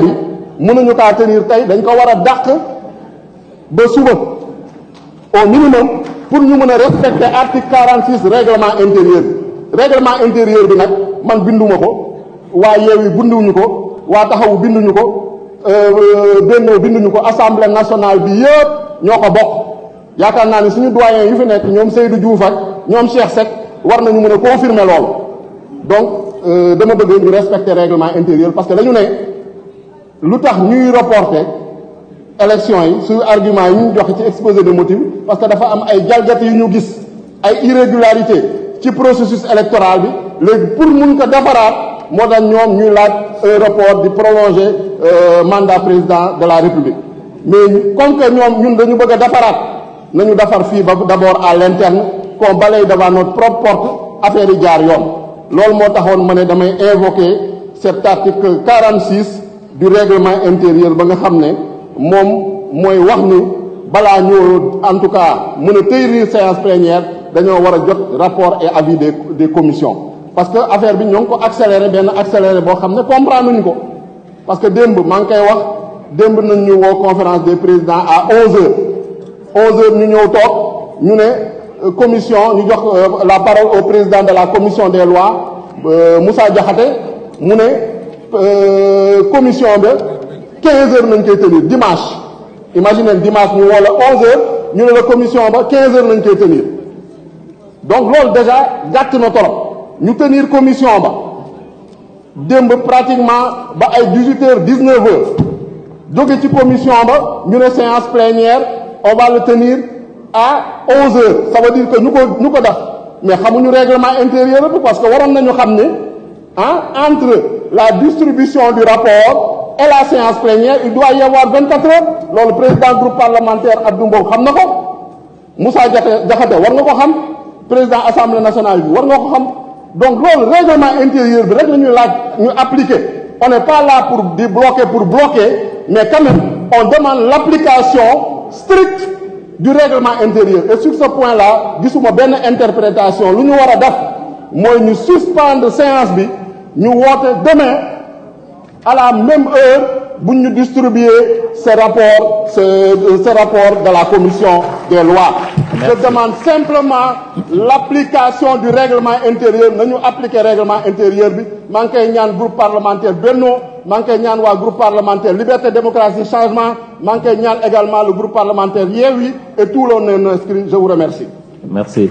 bi mënuñu kaa tenir tey dañ ko war a ba suba au minimum pour ñu mën respecter article 46 règlement intérieur règlement intérieur bi nag man binduma ko waa yeewi binduñu ko waa taxawu binduñu ko euh, benn binduñu ko assemblée nationale bi yëpp ñoo ko bokk yaakaar naa ni suñu doyen yu fi nekk ñoom Seydou Diouf ak ñoom Cheikh Seck war nañu mën a confirmer loolu donc euh, dama bëgg ñu respecter règlement intérieur parce que dañu ne lu tax ñuy reporter élection yi argument ñu exposé de motifs parce que dafa am ay jalgati yu ñu gis irrégularité ci processus électoral pour nous ko defaraat moo tax ñuy un report di prolonger euh, mandat président de la république mais comme nous avons ñun dañu bëgg a nañu d'abord à l'interne qu'on balaye devant notre propre porte affaire yi jaar yoon loolu moo taxoon ma cet article 46 du règlement intérieur ba nga xam ne moom mooy wax ñoo en tout cas mën a tenir séance plénière dañoo war jot rapport et avis des des commissions parce que affaire bi ñoo ngi ko accéléré benn accéléré boo xam comprendre ñu ko parce que démb maa ngi koy wax démb nañ ñu woo conférence des présidents à 11h 11h ñu ñëw toog ñu ne euh, commission ñu jox euh, la parole au président de la commission des lois euh, Moussa Diakhaté mu ne. Euh, commission ba 15 heures nous tenir dimanche imaginez dimanche nous woo 11 heures nous la commission ba 15 heures nous tenir donc là déjà gàtt notre nous tenir commission ba pratiquement 18 h 19 heures donc ci commission ba bas séance plénière on va le tenir à 11 heures ça veut dire que nous ko ñu ko mais règlement intérieur parce que nous avons ne hein, entre la distribution du rapport et la séance plénière il doit y avoir 24 heures le président du groupe parlementaire Abdou il xam ko Moussa Diakhaté vous nga ko xam président l'Assemblée nationale vous war donc le règlement intérieur le règlement nous on n'est pas là pour débloquer, pour bloquer mais quand même on demande l'application stricte du règlement intérieur et sur ce point là gisuma une interprétation lu ñu nous nous suspendre mooy ñu séance nous votons demain à la même heure pour nous distribuer ce rapport ce, euh, ce rapport de la commission des lois je demande simplement l'application du règlement intérieur Nous appliquons le règlement intérieur bi groupe parlementaire Benno manque y groupe parlementaire Liberté Démocratie Changement manque également le groupe parlementaire Yéwi et tout le monde inscrit je vous remercie merci